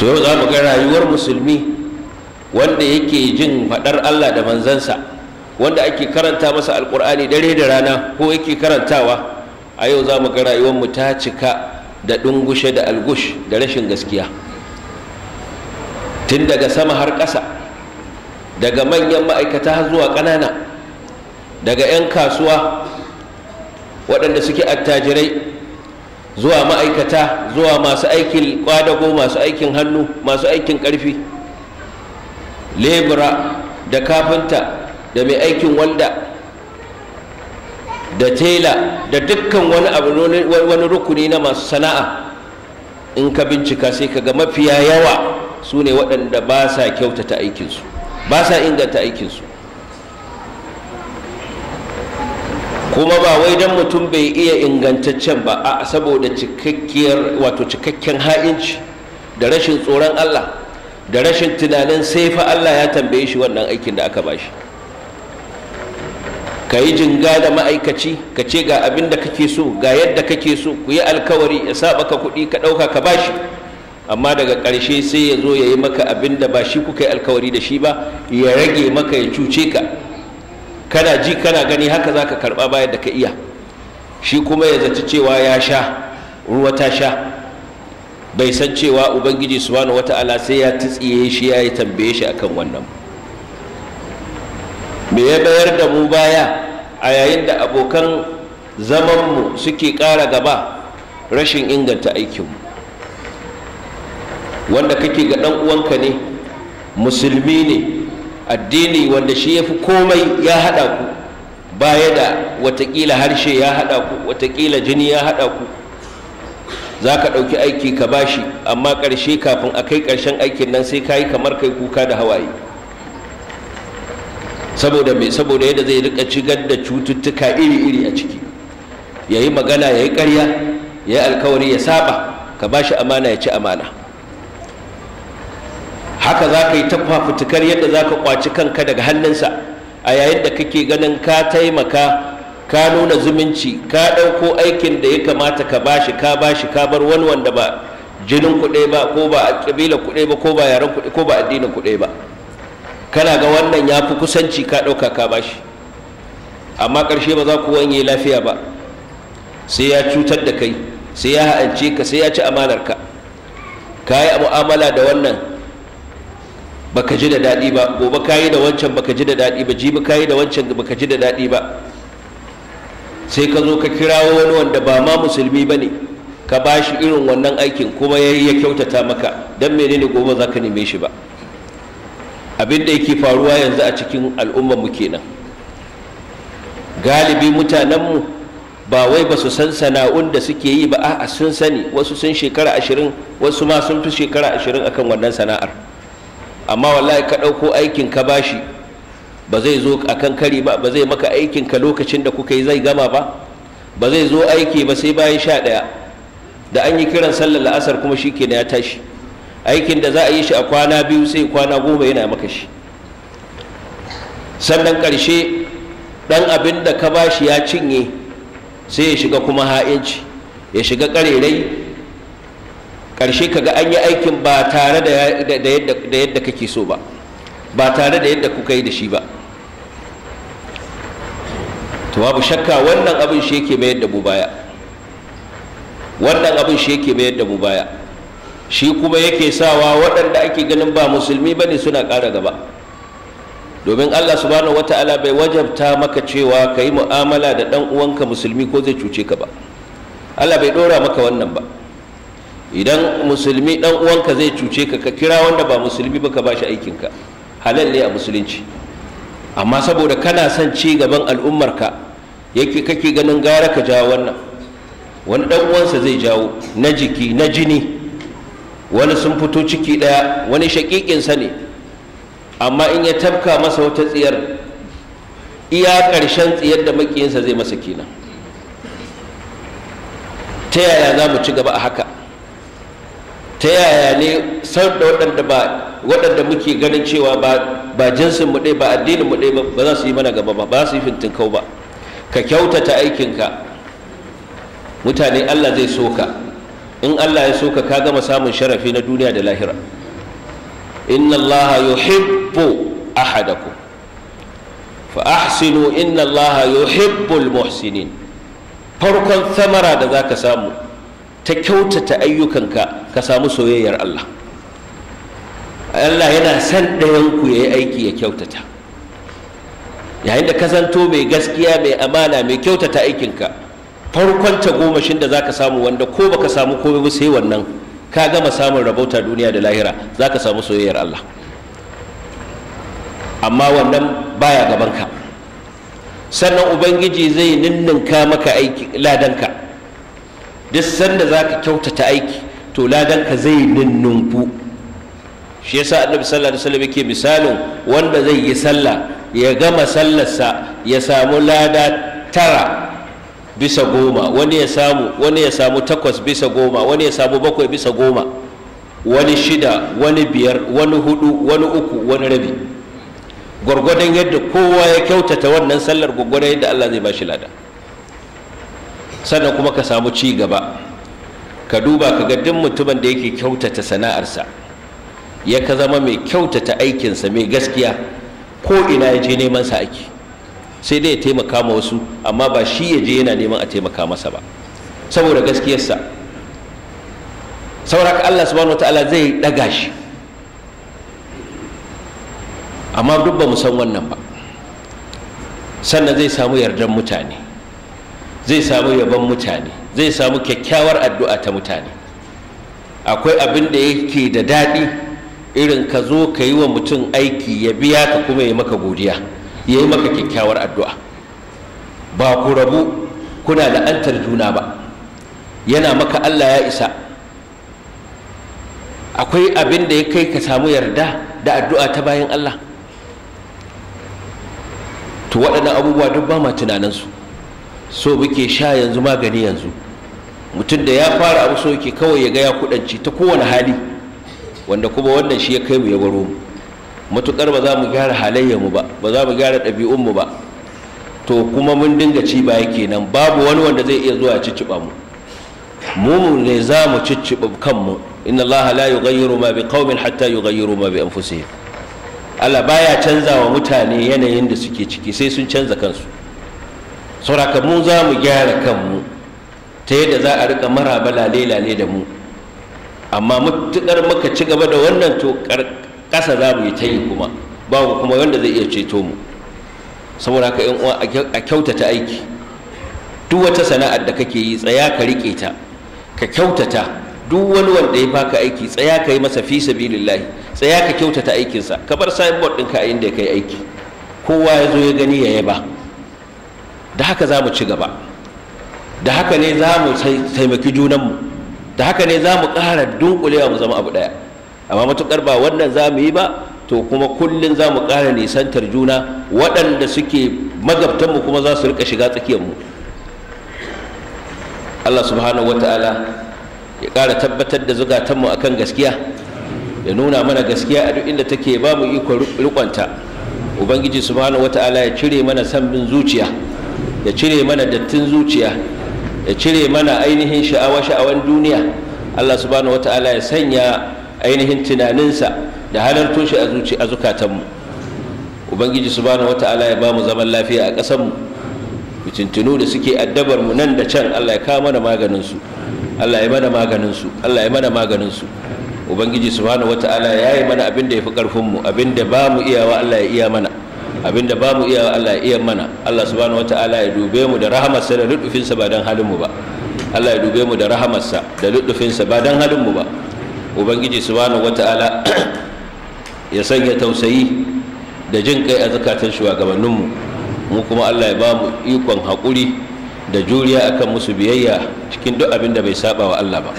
to yau za mu ga rayuwar musulmi wanda yake jin faɗar Allah da manzansa wanda ake karanta masa alkur'ani dare da rana ko yake karantawa a yau za mu ga rayuwar mu ta cika da ɗungushe da algush da rashin gaskiya tun daga sama har ƙasa daga manyan ma'aikata zuwa ƙanana daga 'yan kasuwa waɗanda suke attajirai zuwa ma'aikata zuwa masu aikin kwadago masu aikin hannu masu aikin karfi lebura da kafinta da mai aikin walda da tela da dukkan wani abu wani rukuni na masu sana'a in ka bincika sai ka ga mafiya yawa su ne waɗanda ba sa kyautata aikinsu ba sa inganta aikinsu kuma ba wai don mutum bai iya ingantaccen ba a saboda cikakkiyar wato cikakken ha'inci da rashin tsoron Allah da rashin tunanin sai fa Allah ya tambaye shi wannan aikin da aka bashi ka yi jinga da ma'aikaci ka ce ga abin da kake so ga yadda kake so ku yi alkawari ya saba ka kuɗi ka ɗauka ka bashi amma daga ƙarshe sai ya zo ya yi maka abin da ba shi kuka yi alkawari da shi ba ya rage maka ya cuce ka kana ji kana gani haka za ka karɓa bayan da ka iya shi kuma ya zaci cewa ya sha ruwa ta sha bai san cewa ubangiji wata ala sai ya tsiye shi ya yi tambaye shi akan wannan me ya bayar da mu baya a yayin da abokan zamanmu suke ƙara gaba rashin inganta aikinmu wanda kake ga ɗan uwanka ne musulmi ne addini wanda shi ya fi komai ya haɗa ku baya da watakila harshe ya haɗa ku watakila jini ya haɗa ku za ka ɗauki aiki ka bashi amma ƙarshe kafin a kai ƙarshen aikin nan sai ka yi kamar kai kuka da hawaye saboda mai saboda yadda zai rika cigar da cututtuka iri-iri a ciki ya yi magana ya yi ƙarya ya yi alkawari ya saba ka bashi amana ya ci amana haka za ka yi ta fafutukar yadda za ka kwaci kanka daga hannunsa a yayin da kake ganin ka taimaka ka nuna zumunci ka ɗauko aikin da ya kamata ka bashi ka bashi ka bar wani wanda ba jinin kuɗe ba ko ba a ƙabilar kuɗe ba ko ba yaren kuɗe ko ba addinin kuɗe ba kana ga wannan ya fi kusanci ka ɗauka ka bashi amma ƙarshe ba za ku wanye lafiya ba sai ya cutar da kai sai ya ha'ance ka sai ya ci amanar ka ka yi mu'amala da wannan baka ji da daɗi ba gobe ka yi da wancan baka ji da daɗi ba jibi ka yi da wancan baka ji da daɗi ba sai ka zo ka kirawo wani wanda ba ma musulmi ba ne ka ba shi irin wannan aikin kuma ya ya kyautata maka don ne gobe za ka neme shi ba abin da yake faruwa yanzu a cikin al'ummar mu kenan galibi mutanenmu ba wai ba su san sana'un da suke yi ba a'a sun sani wasu sun shekara ashirin wasu ma sun fi shekara ashirin akan wannan sana'ar amma wallahi ka ɗauko aikin ka bashi ba zai zo a kan kari ba ba zai maka aikin ka lokacin da kuka yi zai gama ba ba zai zo aiki ba sai bayan sha ɗaya da an yi kiran sallar la'asar kuma shi kenan ya tashi aikin da za a yi shi a kwana biyu sai kwana goma yana maka shi sannan ƙarshe ɗan abin da ka bashi ya cinye sai ya shiga kuma ha'inci ya shiga ƙarerai ƙarshe kaga an yi aikin ba tare da yadda kake so ba ba tare da yadda kuka yi da shi ba to babu shakka wannan abin shi yake mayar da mu baya wannan abin shi yake mayar da mu baya shi kuma yake sawa waɗanda ake ganin ba musulmi ba ne suna ƙara gaba domin allah subhanahu ta'ala bai wajabta maka cewa ka yi mu'amala da ɗan uwanka musulmi ko zai cuce ka ba allah bai ɗora maka wannan ba idan musulmi dan uwanka zai cuce ka ka kira wanda ba musulmi ba ka ba shi aikin ka halal ne a musulunci amma saboda kana son ci gaban al'ummar ka yake kake ganin gara ka jawo wannan wani dan uwansa zai jawo na jiki na jini wani sun fito ciki daya wani shakikin sa ne amma in ya tabka masa wata tsiyar iya ƙarshen tsiyar da makiyinsa zai masa kenan ta yaya za mu ci gaba a haka ta yaya ne san da waɗanda ba waɗanda muke ganin cewa ba jinsin mu ɗaya ba addinin mu ɗaya ba za su yi mana gaba ba ba su yi fintin kau ba ka kyautata aikinka mutane Allah zai so ka in Allah ya so ka ka gama samun sharafi na duniya da lahira inna Allah yuhibbu ahadakum fa ahsinu inna Allah yuhibbul muhsinin farkon samara da zaka samu ta kyautata ayyukanka ka samu soyayyar Allah Allah yana san ɗayanku ya yi aiki ya kyautata yayin da ka zanto mai gaskiya mai amana mai kyautata aikinka farkon ta tagomashin da za ka samu wanda ko baka samu komai ba sai wannan ka gama samun rabauta duniya da lahira za ka samu soyayyar Allah amma wannan baya gabanka sannan ubangiji zai ninninka maka aiki ladanka duk sanda za ka kyautata aiki to ka zai nunnunku shi ya sa annabi sallallahu alaihi wasallam yake misalin wanda zai yi sallah ya gama sallarsa ya samu lada tara bisa goma wani ya samu wani ya samu takwas bisa goma wani ya samu bakwai bisa goma wani shida wani biyar wani hudu wani uku wani rabi gwargwadon yadda kowa ya kyautata wannan sallar gwargwadon yadda Allah zai ba shi lada sannan kuma ka samu ci gaba ka duba ka ga duk mutumin da yake kyautata sana'arsa ya ka zama mai kyautata aikinsa mai gaskiya ko ina ya je neman sa ake sai dai ya taimaka ma wasu amma ba shi ya je yana neman a taimaka masa ba saboda gaskiyarsa saboda Allah subhanahu ta'ala zai daga shi amma duk ba mu san wannan ba sannan zai samu yardan mutane zai samu yabon mutane zai samu kyakkyawar addu'a ta mutane akwai abin da yake da daɗi irin ka zo ka yi wa mutum aiki ya biya ka kuma ya maka godiya ya yi maka kyakkyawar addu'a ba ku rabu kuna la'antar juna ba yana maka allah ya isa akwai abin da ya kai ka samu yarda da addu'a ta bayan allah to waɗannan abubuwa duk ba ma tunaninsu so muke sha yanzu magani yanzu mutum da ya fara abu so yake kawai ya gaya ya kudanci ta kowane hali wanda kuma wannan shi ya kai mu ya baro mu matukar ba za mu gyara halayya mu ba ba za mu gyara ɗabi'un mu ba to kuma mun dinga ci yake kenan babu wani wanda zai iya zuwa ya cicciɓa mu mu ne za mu cicciɓa kanmu inna allaha la yughayyiru ma biqaumin hatta yughayyiru ma bi anfusihim Allah baya canza wa mutane yanayin da suke ciki sai sun canza kansu sauraka mu za mu gyara kanmu ta yadda za a rika maraba lale-lale da mu amma mutuƙar muka ci gaba da wannan to ƙasa za mu yi ta yi kuma babu kuma wanda zai iya ceto mu saboda ka yan uwa a kyautata aiki duk wata sana'ar da kake yi tsaya ka rike ta ka kyautata duk wani wanda ya baka aiki tsaya ka yi masa fi sabilillahi tsaya ka kyautata aikinsa ka bar signboard ɗinka a inda ya kai aiki kowa ya zo ya gani ya yaba da haka za mu ci gaba da haka ne za mu taimaki junanmu da haka ne za mu ƙara dunkulewa mu zama abu ɗaya amma matuƙar ba wannan za mu yi ba to kuma kullum za mu ƙara nisantar juna waɗanda suke magabtanmu kuma za su rika shiga tsakiyarmu allah subhanahu wata'ala ya ƙara tabbatar da zugatanmu akan gaskiya ya nuna mana gaskiya a duk inda take ba mu ikon rikonta ubangiji subhanahu wata'ala ya cire mana son bin zuciya ya cire mana dattin zuciya ya cire mana ainihin sha'awa sha'awan duniya Allah subhanahu ta'ala ya sanya ainihin tunaninsa da halartun shi a zuci a zukatanmu ubangiji subhanahu ta'ala ya ba mu zaman lafiya a ƙasanmu fitintunu da suke addabar mu nan da can Allah ya kawo mana maganin su Allah ya mana maganin su Allah ya mana maganin su ubangiji subhanahu ta'ala ya yi mana abin da ya fi ƙarfinmu, mu abin da ba mu iyawa Allah ya iya mana abinda babu iya Allah iya mana Allah subhanahu wataala ya dube mu da rahamarsa da lutufinsa ba dan halin mu ba Allah ya dube mu da rahamarsa da lutufinsa ba dan halin mu ba ubangiji subhanahu wataala ya sanya tausayi da jin kai a zakatan shugabanninmu mu kuma Allah ya ba mu ikon haƙuri da juriya akan musu biyayya cikin duk abin da bai saba wa Allah ba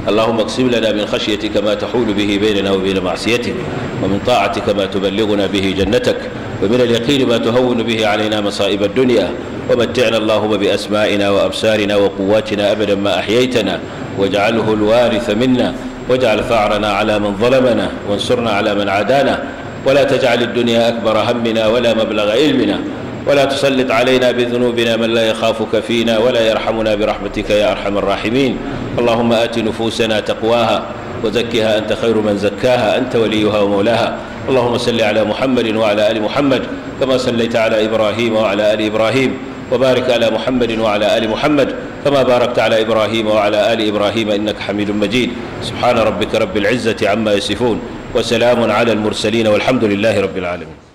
اللهم اقسم لنا من خشيتك ما تحول به بيننا وبين معصيتك ومن طاعتك ما تبلغنا به جنتك ومن اليقين ما تهون به علينا مصائب الدنيا ومتعنا اللهم بأسمائنا وأبصارنا وقواتنا أبدا ما أحييتنا واجعله الوارث منا واجعل ثأرنا على من ظلمنا وانصرنا على من عادانا ولا تجعل الدنيا أكبر همنا ولا مبلغ علمنا ولا تسلط علينا بذنوبنا من لا يخافك فينا ولا يرحمنا برحمتك يا أرحم الراحمين اللهم آت نفوسنا تقواها وزكها أنت خير من زكاها أنت وليها ومولاها اللهم صل على محمد وعلى ال محمد كما صليت على ابراهيم وعلى ال ابراهيم وبارك على محمد وعلى ال محمد كما باركت على ابراهيم وعلى ال ابراهيم انك حميد مجيد سبحان ربك رب العزه عما يصفون وسلام على المرسلين والحمد لله رب العالمين